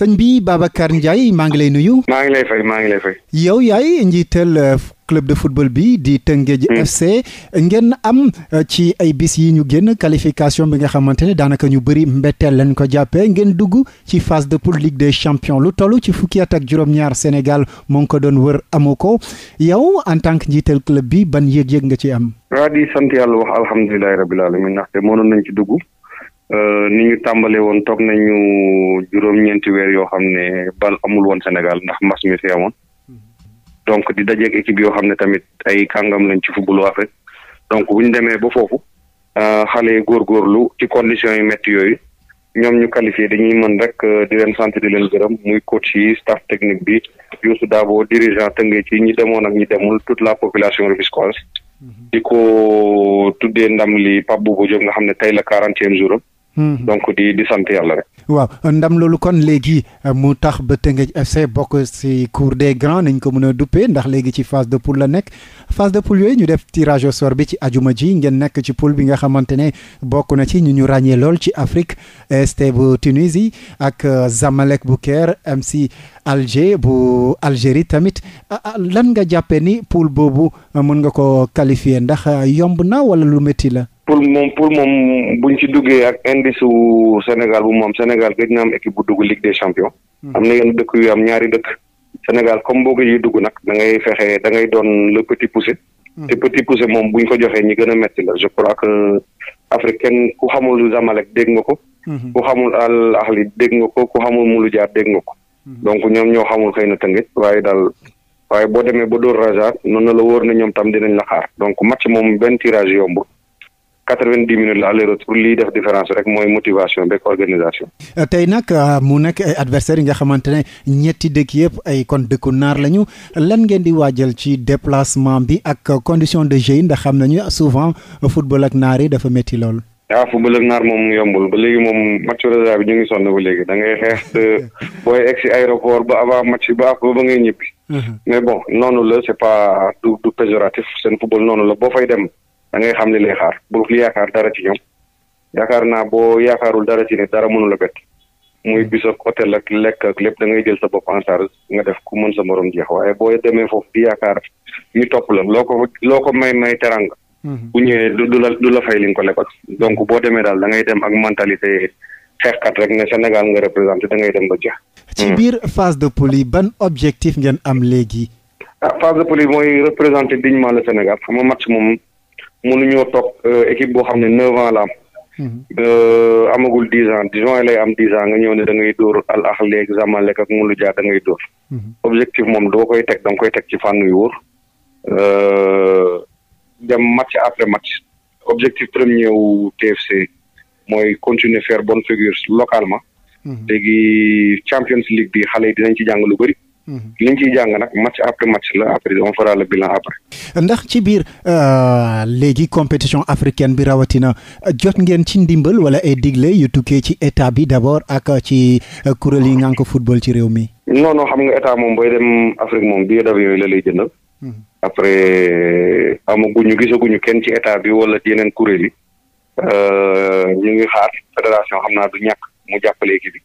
sëñ bi Babacar Ndiaye maa ngi lay nuyu. maa ngi lay fay maa ngi yow yaay njiital euh, club de football bi di Tëngéej mm. FC. ngeen am euh, ci ay bis yi ñu génn qualification bi nga xamante ne daanaka ñu bëri mbetteel lañ ko jàppee ngeen dugg ci phase de poule Ligue des champions lu toll ci fukki at ak juróom-ñaar Sénégal moo ngi ko doon wër amoo ko yow en tant que njiital club bi ban yëg-yëg nga ci am. waa di wax alhamdulilah rabil aalamiin ndaxte mënoon nañ ci dugg. Euh, ni ñu tàmbalee woon toog nañu juróom-ñeenti weer yoo xam ne bal amul woon Sénégal ndax mbas mi fi amoon donc di dajeeg équipe yoo xam ne tamit ay kàngam lañ ci footballu Afrique donc bu ñu demee ba foofu euh, xale yi góorgóorlu ci conditions yi métti yooyu ñoom ñu qualifié dañuy mën rek euh, di leen sant di leen gërëm muy coach yi staff technique bi Youssou Dabo dirigeant tëngee ci ñi demoon ak ñi demul toute la population rufisquoise mhm. di ko tuddee ndam li Pape Bouba Diop nga xam ne tey la quarantième jour am Hmm. donc di sant yàlla rek. waaw ndam loolu kon léegi euh, mu tax ba Teungueth FC bokk ci cour des grands nañ ko mën a duppee ndax léegi ci phase de poule la nekk phase de poule yooyu ñu def tirage au sort bi ci ajuma ji ngeen nekk ci poule bi nga xamante ne bokk na ci ñu ñu ràññee lool ci Afrique ST bu Tunisie ak euh, Zamalek bu Caire si Alger bu Algérie tamit lan nga jàppee ni poule boobu euh, mën nga ko qualifier ndax yomb na wala lu métti la. pour moom pour moom buñ ci duggee ak indi wu Sénégal bu moom Sénégal gëj na am équipe bu dugg Ligue des champions. Hmm. am na yenn dëkk yu am ñaari dëkk. Sénégal comme boo yi dugg nag da ngay fexe da ngay doon le petit poussé. Hmm. te petit poussé moom buñ ko joxee ñi gën a metti la je crois que Afrique kenn ku xamul Zamalek dégg nga ko. Hmm. ku xamul Al Ahli dégg nga ko ku xamul Mouloudia dégg nga ko. donc ñoom ñoo xamul xëy na tënkee waaye daal. waaye boo demee ba dóor Raja noonu la woor na ñoom tam dinañ la xaar donc match moom benn tirage yombul. quatre-vingt-dix minutes la aller-retour lii def différence rek mooy motivation beeg organisation. Euh, tey nag euh, mu nekk ay adversaires yi ne ñetti dëkk yëpp ay kon dëkku naar lañu lan ngeen di waajal ci déplacement bi ak condition de jeu yi ndax xam nañu souvent football ak naar yi dafa métti lool. waaw ah, football ak naar moom yombul ba léegi moom match réserve bi ñu ngi sonn ba léegi da ngay xeex booy egg si aéroport ba avant match ba ba ba ngay ñibbi. Uh-huh. mais bon noonu la da ngay xam le lay xaar bul yaakaar dara ci ñoom yaakaar naa boo yaakaarul dara ci ne dara mënula bett muy bis ak hôtel ak lekk ak lépp da ngay jël sa bopp en charge nga def ku mën sa morom jeex waaye boo demee foofu di yaakaar ñu topp la loo ko loo ko may may teranga mhm. bu ñëwee du la du la fay li ko lebal donc boo demee daal da ngay dem ak mentalité xeexkat rek ne Sénégal nga représenté da ngay dem ba jeex. ci hmm. biir phase de poule yi ban objectif ngeen am léegi. ah phase de poule yi mooy représenté dignement le mënuñoo topp euh, équipe boo xam ne neuf ans la am. Mhm. Euh, amagul dix ans disons lay am dix ans nga ñëw ne da ngay dóor al ax leeg zamalek ak u jaar da ngay dóor. Mhm. objectif moom doo koy teg da koy teg ci fànn yu wóor euh, dem match après match objectif premier wu TFC mooy continuer faire bonne figure localement. Mhm. léegi Champions League bi xale yi dinañ ci jàng lu bëri. liñ ciy jàng nag match après match la après on fera le bilan après. ndax ci biir euh, léegi compétition africaine bi rawatina euh, jot ngeen ci ndimbal wala ay digle yu tukkee ci état bi d'abord ak euh, ci kuréel yi nga ko football ci réew mi. non xam nga état moom booy dem Afrique moom billet d'avion yooyu la lay jëndal. Mm-hmm. après amaguñu gisaguñu kenn ci état bi wala yeneen kuréel yi. ñu ngi xaar fédération xam naa du ñàkk mu jàppale bi.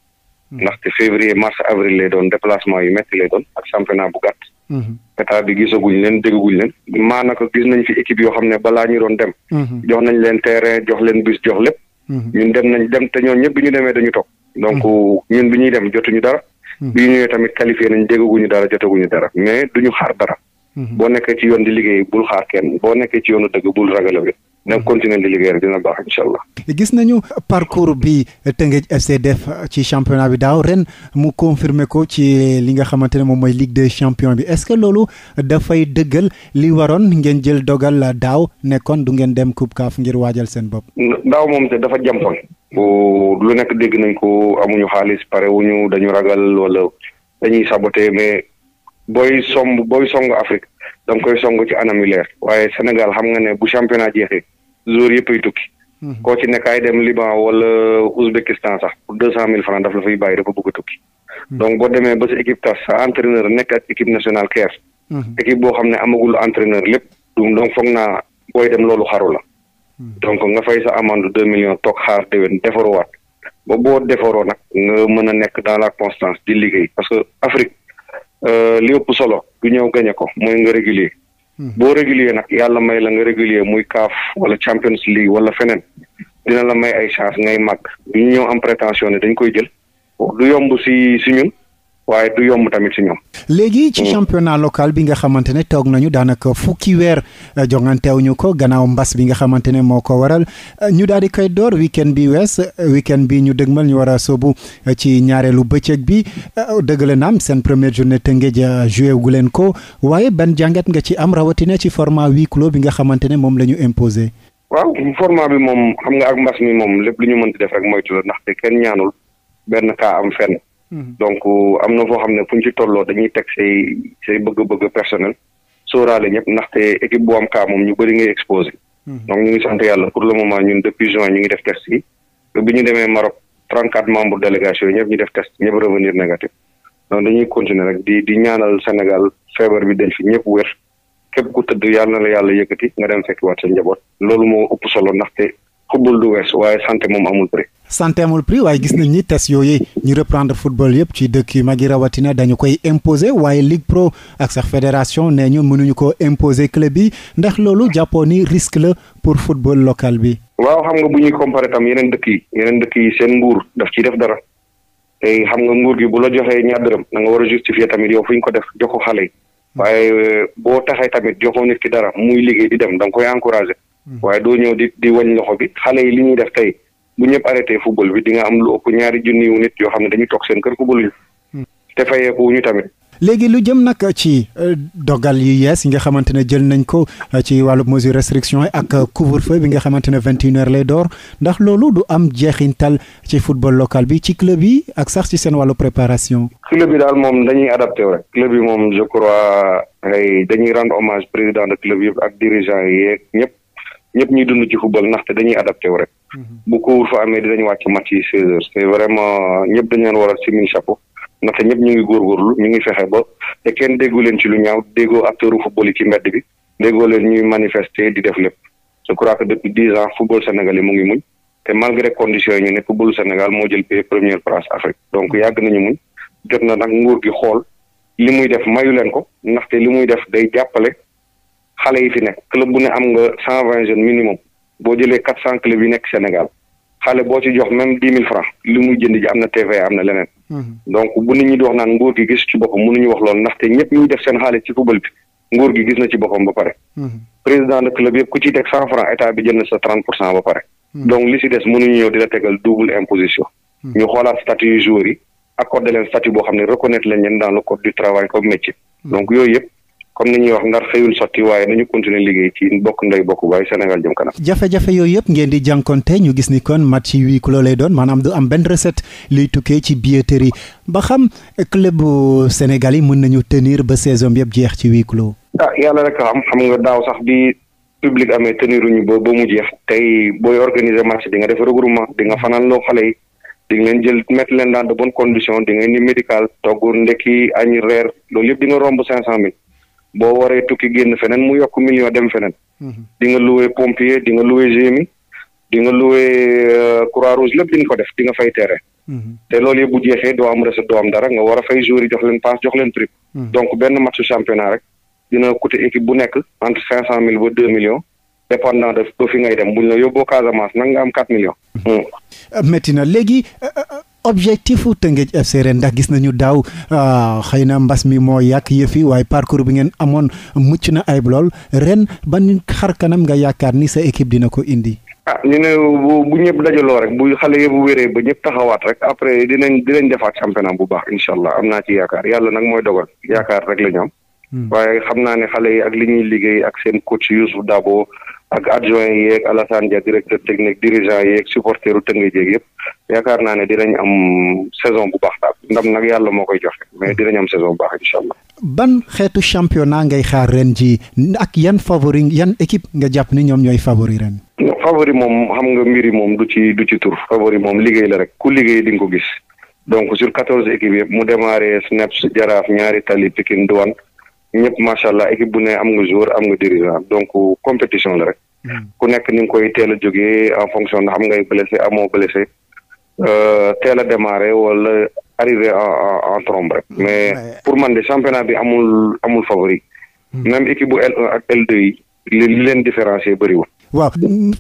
Hmm. ndaxte février mars avril lay doon déplacement yu métti le doon ak championnat bu gàtt. Hmm. état bi gisaguñ leen déggaguñ leen. maanaka gis nañ fi équipe yoo xam ne bala ñu doon dem. Hmm. jox nañ leen terrain jox leen bus jox lépp. ñun dem nañ dem te ñoom ñëpp bi ñu demee dañu toog. donc ñun bi ñuy dem jotuñu dara. bi ñu ñëwee tamit qualifié nañ déggaguñu dara jotaguñu dara mais duñu xaar dara. boo nekkee ci yoon di liggéey bul xaar kenn boo nekkee ci yoonu dëgg bul ragal na continuer di liggéey rek dina baax incha allah. gis nañu parcours bi Teungueth FC def ci championnat bi daaw ren mu confirmer ko ci li nga xamante ne moom mooy Ligue des champions bi est-ce que loolu dafay dëggal li waroon ngeen jël dogal daaw nekkoon du ngeen dem Coupe CAF ngir waajal seen bopp. daaw moom te dafa jampoon. lu nekk dégg nañ ko amuñu xaalis pare wu ñu dañu ragal wala dañuy saboter mais booy somb booy song Afrique. da nga koy song ci anam yu leer waaye Sénégal xam nga ne bu championnat jeexee jour yëpp ay tukki. Hmm. koo ci nekk ay dem Liban wala Ouzbékistan sax pour deux cent mille franc daf la fay bàyyi dafa bëgg a tukki. Hmm. donc boo demee ba sa équipe tas sa entraîneur nekk ak équipe nationale Caire. Hmm. équipe boo xam ne amagul entraîneur lépp. donc foog na booy dem loolu xaru la. donc nga fay sa amende deux millions toog xaar déwén defaruwaat ba boo defaroo nag nga mën a nekk dans la constance di liggéey parce que Afrique. Euh, li ëpp solo du ñëw gañe ko mooy nga régulier hmm. boo régulier nag yàlla may la nga régulier muy CAF wala Champions League wala feneen dina la may ay chance ngay màgg du ñëw am prétention ne dañ koy jël du yomb si si ñun waaye du yomb tamit si ñoom. léegi ci mm. championnat local bi nga xamante ne toog nañu daanaka fukki weer euh, jongantewuñu ko gannaaw mbas bi nga xamante ne moo ko waral euh, ñu daal di koy door weekend bi wees euh, weekend bi ñu dëgmal ñu war a sóobu ci ñaareelu bëccëg bi dëggale naam seen première journée Tëngéej joué gu leen ko waaye ban jàngat nga ci am rawatina ci format huis clos bi nga xamante ne moom la ñu imposé. waaw format bi moom xam nga ak mbas mi moom lépp lu ñu mën def rek moytu la ndaxte kenn ñaanul benn kaa am fenn. Mhm. donc am na foo xam ne fu ñu ci tolloo dañuy teg say say bëgg-bëgg personnel sóoraale ñëpp ndaxte équipe bu am kaa moom ñu bëri ngay exposé. Mhm. donc ñu ngi sant yàlla pour le moment ñun depuis juin ñu ngi def test yi bi ñu demee Maroc 34 membres délégation yi ñëpp ñu def test ñëpp revenir négatif donc dañuy continuer rek di di ñaanal Sénégal feebar bi dañ fi ñëpp wér képp ku tëdd yàlla na la yàlla yëkkati nga dem fekkiwaat sa njaboot loolu moo ëpp solo ndaxte. football du wees waaye santé moom amul prix. santé amul prix waaye gis nañ ni test yooyu ñu reprendre football yëpp ci dëkk yu mag yi rawatina dañu koy imposer waaye Ligue Pro ak sax fédération nee ñu mënuñu ko imposer club yi ndax loolu jàppoo ni risque la pour football local bi. waaw xam nga bu ñuy comparer tam yeneen dëkk yi yeneen dëkk yi seen nguur daf ciy def dara tey xam nga nguur gi bu la joxee ñaar dërëm da nga war a justifier tamit yow fu ñu ko def jox ko xale yi waaye boo taxee tamit joxoo nit ki dara muy liggéey dem da nga Hmm. waaye doo ñëw di di wañ loxo bi xale yi li ñuy def tey bu ñëpp arrêté football bi di nga am lu ëpp ñaari junni wu nit yoo xam ne dañuy toog seen kër football ñu hmm. te fayeeku wu ñu tamit. léegi lu jëm nag ci euh, dogal yu yees yi nga xamante ne jël nañ ko euh, ci wàllu mesure restriction yi ak euh, couvre-feu bi nga xamante ne vingt une heures lay door ndax loolu du am jeexintal ci football local bi ci club yi ak sax ci seen wàllu préparation. club yi daal moom dañuy adapté rek. club yi moom je crois dañuy rendre hommage président de club yëpp ak dirigeant yi yeeg ñëpp. ñëpp ñuy dund ci football ndaxte dañuy adapté wu rek. Mhm. bu couvre-feu amee dinañ wàcc match yi seize heures c'est vraiment ñëpp dañ leen war a simin chapeau ndaxte ñëpp ñu ngi góorgóorlu ñu ngi fexe ba te kenn déggu leen ci lu ñaaw déggoo acteuru football yi ci mbedd bi déggoo leen ñuy manifester di def lépp je crois que depuis dix ans football sénégalais mu ngi muñ te malgré conditions yi ñu ne football Sénégal moo jël pays première place Afrique donc yàgg nañu muñ jot na nag nguur gi xool li muy def mayu leen ko ndaxte li muy def day jàppale. xale yi fi nekk club bu ne am nga cent vingt jeunes minimum boo jëlee quatre cent club yi nekk Sénégal xale boo ci jox même dix mille francs li muy jënd ji am na TVA am na leneen. Mhm. donc bu nit ñi di wax naan nguur gi gis ci boppam mënuñu wax loolu ndaxte ñëpp ñuy def seen xaalis ci football bi nguur gi gis na ci boppam ba pare. Mhm. président de club yëpp ku ciy teg cent francs état bi jënd sa trente pour cent ba pare. Mhm. donc li si des mënuñu ñëw di la tegal double imposition. ñu xoolaat statut yu boo xam ne reconnaître lañ leen dans le code du yooyu yëpp comme ni ñuy wax ndar xëyul sotti waaye nañu continuer liggéey ci bokk ndey bokk waaye Sénégal jëm kanam. jafe-jafe yooyu yëpp ngeen di jànkonte ñu gis ni kon match yi huis lay doon maanaam du am benn recette liy tukkee ci billetterie ba xam club Sénégal yi mën nañu tenir ba saison bi yëpp jeex ci huis clos. ah yàlla rek xam xam nga daaw sax bi public amee teniruñu ba ba mu jeex tey booy organiser match di nga def regroupement di nga fanaan loo xale yi di jël mettre leen dans de bonnes conditions di nga indi médical togg ndekki añ reer loolu yëpp di nga romb cinq cent boo waree tukki génn feneen mu yokk million dem feneen. di nga loué pompier di nga loué gémi di euh, rouge lépp di fay terrain. te loolu yëpp bu jeexee doo am recette doo am dara nga war a fay joueurs yi jox leen passe jox leen prix. Hmm. donc benn match championnat rek dina coûter équipe bu nekk entre cinq cent mille ba deux millions. dépendant de fi ngay dem buñ la yóbboo Casamance nag am 4 millions. Hmm. Euh, métti na léegi euh, objectif u Tëngéej FC ren ndax gis nañu daaw ah, xëy na mbas mi moo yàq yëf yi waaye parcours bi ngeen amoon mucc na ay ayib lool ren ban xar kanam nga yaakaar ni sa équipe dina ko indi. ah ñu ne bu ñëpp dajaloo rek bu xale yëpp wéree ba ñëpp taxawaat rek après dinañ dinañ defaat championnat bu baax incha allah am naa ci yaakaar yàlla nag mooy dogal yaakaar rek la ñu am. Hmm. waaye xam naa ne xale yi ak li ñuy liggéey ak seen coach Youssouf Dabo ak adjoint yeeg Alassane Dia directeur technique dirigeant yeeg supporteru Tëngéej yeeg yëpp yaakaar naa ne dinañ am saison bu baax daal ndam nag yàlla moo koy joxe mais dinañ am saison bu baax incha allah. ban xeetu championnat ngay xaar ren ji ak yan favori yan équipe nga jàpp ni ñoom ñooy favori ren. favori moom xam nga mbiri moom du ci du ci tur favori moom liggéey la rek ku liggéey di nga ko gis donc sur quatorze équipes yëpp mu démarré snaps Jaraaf ñaari Tali Pikine Douane ñëpp macha allah équipe bu ne am nga joueur am nga dirigeant donc compétition la rek. Hmm. ku nekk ni nga a jógee en fonction ndax ngay blessé amoo blessé euh, teel a démarré wala arrivé en en trombe rek. Hmm. mais pour man de bi amul amul favori. Hmm. même équipe bu L1 L2 yi li leen différencier waaw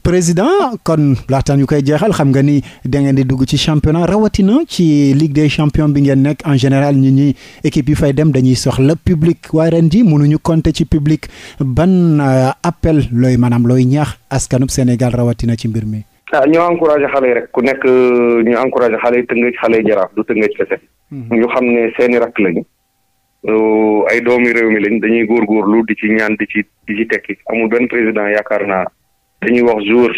président kon laataan yu koy jeexal xam nga ni da ngeen di dugg ci championnat rawatina ci ligue des champions bi ngeen nekk en général ñi ñi équipe yi fay dem dañuy soxla public waaye ren ji mënuñu compter ci public ban euh, appel looy maanaam looy ñaax askanub Sénégal rawatina ci mbir mi. ah ñu encouragé xale yi rek ku nekk euh, ñu encouragé xale yi tëngëj xale yi jaraaf du tëngëj kese. Hmm. ñu xam ne seeni rakk lañu. Euh, ay doomi réew mi lañ dañuy góor di ci ñaan ci di ci tekki amul benn président yaakaar naa dañuy wax jour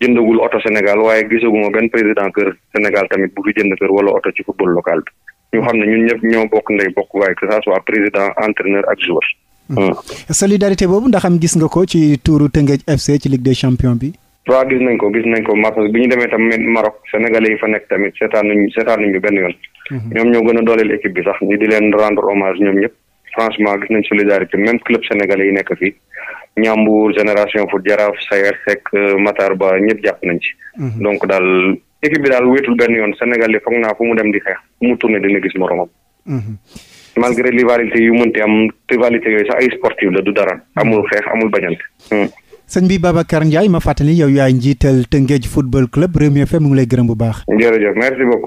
jëndagul oto Sénégal waaye moo benn président kër Sénégal tamit bu fi jënd kër wala oto ci football local bi ñu xam ne ñun ñëpp ñoo bokk ndey bokk waaye que ça soit président entraîneur ak joueur. Hmm. Hmm. solidarité boobu ndax am gis nga ko ci tuuru Tëngéej FC ci Ligue des champions bi. waaw gis nañ ko gis nañ ko parce que bi ñu demee tamit Maroc sénégalais fa nekk tamit seetaan nañu benn yoon. Hmm. ñoom ñoo gën a dooleel équipe bi sax ñu di leen rendr hommage ñoom ñëpp. franchement gis nañ solidarité même club sénégalais yi nekk fii Ñambour génération foot Jaraaf Sayer Seck euh, Matar Ba ñëpp jàpp nañ ci. Mhm. donc daal équipe bi daal wéetul benn yoon Sénégal yi foog naa fu mu dem di xeex fu mu tourné dina gis moromam. Mhm. malgré rivalité yu mënti am rivalité yooyu sax ay sportif la du dara amul xeex amul bañante. Hmm. sëñ bi Babacar Ndiaye ma fàttali yow yaay njiital Tëngéej football club Rewmi FM mu lay gërëm bu baax. jërëjëf merci beaucoup.